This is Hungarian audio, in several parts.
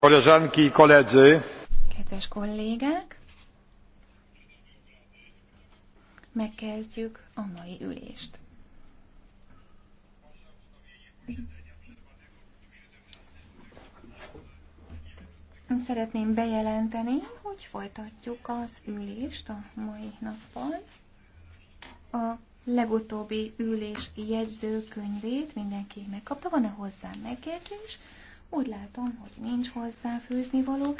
Kedves kollégák, megkezdjük a mai ülést. Szeretném bejelenteni, hogy folytatjuk az ülést a mai nappal. A legutóbbi ülés jegyzőkönyvét mindenki megkapta, van-e hozzá megjegyzés? Úgy látom, hogy nincs hozzá főzni való.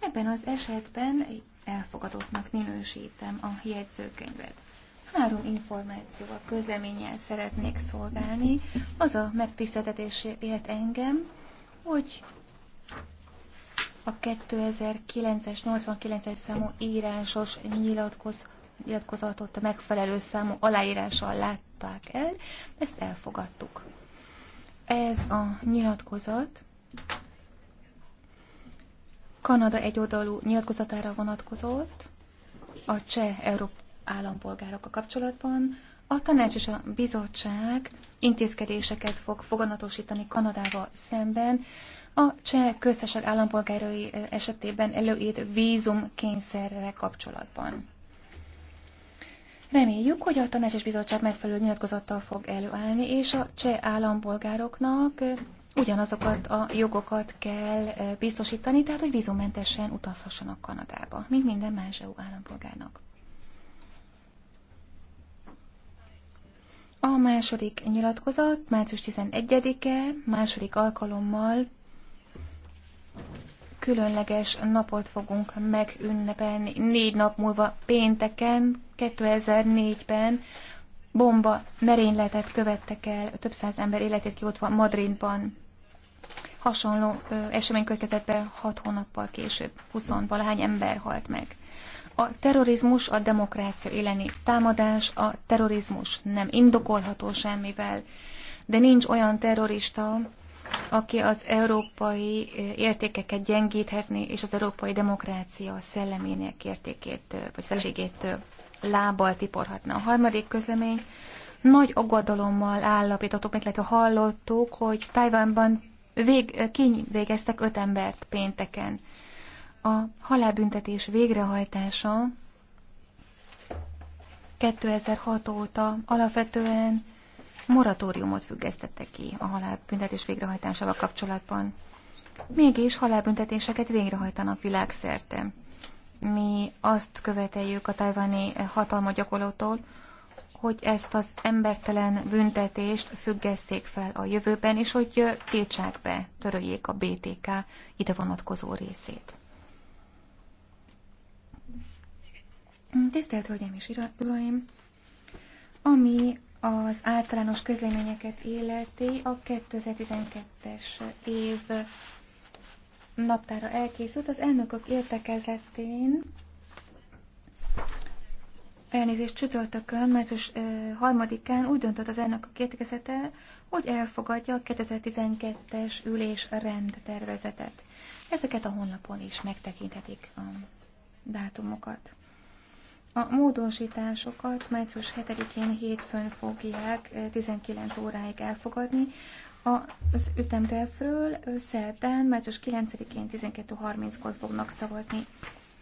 Ebben az esetben elfogadottnak minősítem a jegyzőkönyvet. Három információval, közleménnyel szeretnék szolgálni. Az a megtiszteltetés ért engem, hogy a 2009-es, 89-es számú írásos nyilatkoz, nyilatkozatot a megfelelő számú aláírással látták el, ezt elfogadtuk. Ez a nyilatkozat Kanada egyoldalú nyilatkozatára vonatkozott a cseh Európ állampolgárokkal kapcsolatban. A tanács és a bizottság intézkedéseket fog foganatosítani Kanadával szemben, a cseh köztesek állampolgárai esetében előírt vízum kényszerre kapcsolatban. Reméljük, hogy a és bizottság megfelelő nyilatkozattal fog előállni, és a cseh állampolgároknak ugyanazokat a jogokat kell biztosítani, tehát hogy vízumentesen utazhassanak Kanadába, mint minden más EU állampolgárnak. A második nyilatkozat március 11-e, második alkalommal különleges napot fogunk megünnepelni. Négy nap múlva pénteken, 2004-ben bomba merényletet követtek el, több száz ember életét kiotva Madridban hasonló ö, esemény következett be hat hónappal később. huszonvalahány valahány ember halt meg. A terrorizmus a demokrácia éleni támadás, a terrorizmus nem indokolható semmivel, de nincs olyan terrorista, aki az európai értékeket gyengíthetné, és az európai demokrácia szellemének értékét, vagy szelleségét lábbal tiporhatna. A harmadik közlemény nagy aggodalommal állapítottuk, meg lehet, hallottuk, hogy Tajvánban vég, kivégeztek öt embert pénteken. A halálbüntetés végrehajtása 2006 óta alapvetően moratóriumot függesztettek ki a halálbüntetés végrehajtásával kapcsolatban. Mégis halálbüntetéseket végrehajtanak világszerte. Mi azt követeljük a tajvani hatalma gyakorlótól, hogy ezt az embertelen büntetést függesszék fel a jövőben, és hogy kétségbe töröljék a BTK ide vonatkozó részét. Tisztelt Hölgyeim és Uraim! Ami az általános közleményeket életi a 2012-es év naptára elkészült. Az elnökök értekezetén elnézést csütörtökön, e, harmadikán úgy döntött az elnök a értekezete, hogy elfogadja a 2012-es ülés rendtervezetet. Ezeket a honlapon is megtekinthetik a dátumokat. A módosításokat március 7-én hétfőn fogják 19 óráig elfogadni, az ütemtervről szerdán, március 9-én 12.30-kor fognak szavazni.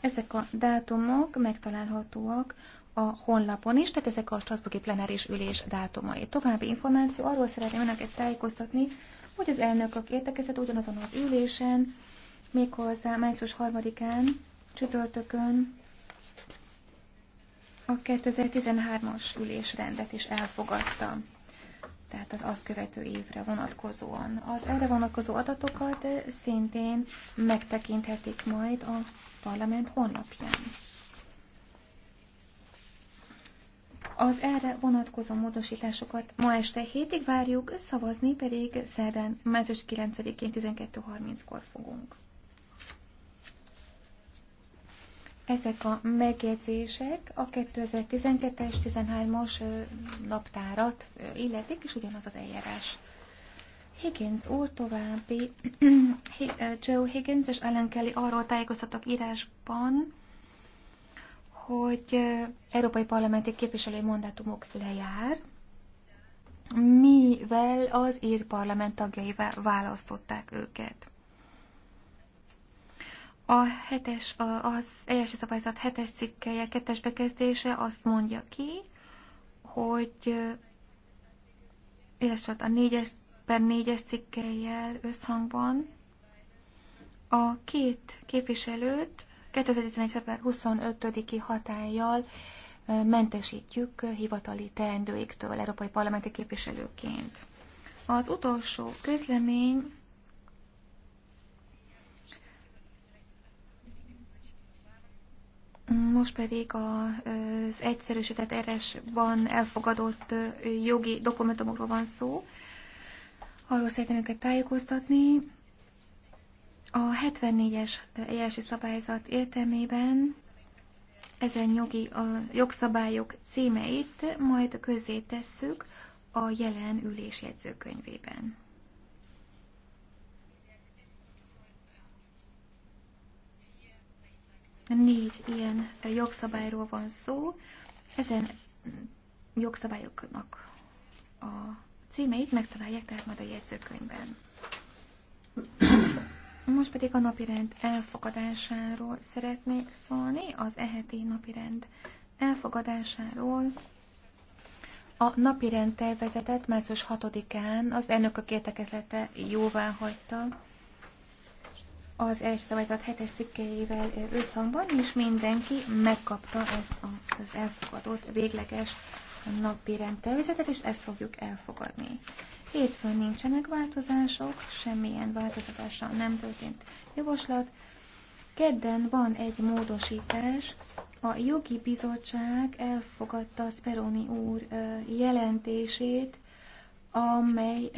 Ezek a dátumok megtalálhatóak a honlapon is, tehát ezek a Strasburgi plenáris ülés dátumai. További információ, arról szeretném önöket tájékoztatni, hogy az elnökök értekezett ugyanazon az ülésen, méghozzá március 3-án, csütörtökön a 2013-as ülésrendet is elfogadta tehát az azt követő évre vonatkozóan. Az erre vonatkozó adatokat szintén megtekinthetik majd a parlament honlapján. Az erre vonatkozó módosításokat ma este hétig várjuk, szavazni pedig szerdán március 9-én 12.30-kor fogunk. Ezek a megjegyzések a 2012-es, 13-as naptárat illetik, és ugyanaz az eljárás. Higgins úr további, Joe Higgins és Ellen Kelly arról tájékoztatok írásban, hogy európai parlamenti képviselői mandátumok lejár, mivel az ír parlament tagjaivá választották őket. A hetes, az első szabályzat hetes cikkelje, kettes bekezdése azt mondja ki, hogy illetve a négyes per négyes cikkeljel összhangban a két képviselőt 2011. február 25-i hatállyal mentesítjük hivatali teendőiktől európai parlamenti képviselőként. Az utolsó közlemény Most pedig az egyszerűsített eresban elfogadott jogi dokumentumokról van szó. Arról szeretném őket tájékoztatni, 74-es eljárási szabályzat értelmében ezen jogi, a jogszabályok címeit majd közzé tesszük a jelen ülés jegyzőkönyvében. Négy ilyen jogszabályról van szó. Ezen jogszabályoknak a címeit megtalálják tehát majd a jegyzőkönyvben. Most pedig a napirend elfogadásáról szeretnék szólni, az eheti napirend elfogadásáról. A napirend tervezetet március 6-án az elnökök értekezlete jóvá hagyta az első szabályzat 7-es cikkeivel összhangban, és mindenki megkapta ezt az elfogadott végleges napi rendtervezetet, és ezt fogjuk elfogadni. Hétfőn nincsenek változások, semmilyen változatással nem történt javaslat. Kedden van egy módosítás, a jogi bizottság elfogadta Speroni úr jelentését, amely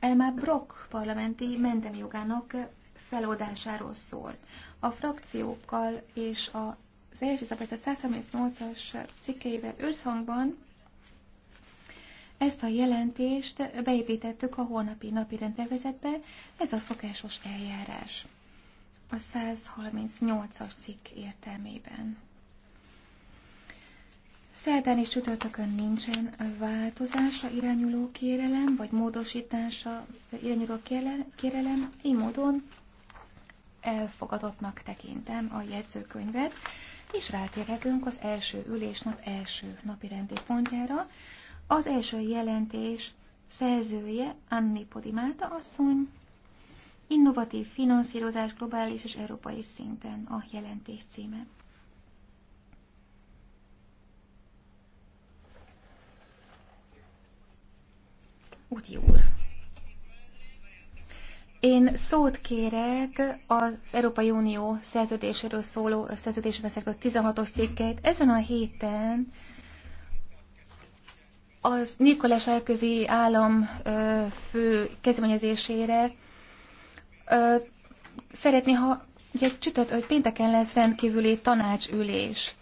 Elmar Brock parlamenti mentemjogának feloldásáról szól. A frakciókkal és a az érési a 138-as cikkeivel összhangban ezt a jelentést beépítettük a holnapi napi rendtervezetbe, ez a szokásos eljárás a 138-as cikk értelmében. Szerdán és csütörtökön nincsen változása irányuló kérelem, vagy módosítása irányuló kérelem, így módon elfogadottnak tekintem a jegyzőkönyvet és rátérhetünk az első ülésnap első napi rendi pontjára. Az első jelentés szerzője Anni Podimáta asszony, innovatív finanszírozás globális és európai szinten a jelentés címe. Úgy úr. Én szót kérek az Európai Unió szerződéséről szóló szerződésben szereplő 16-os cikkeit. Ezen a héten az Nikola Sárközi állam fő kezdeményezésére szeretné, ha egy csütört, hogy pénteken lesz rendkívüli tanácsülés.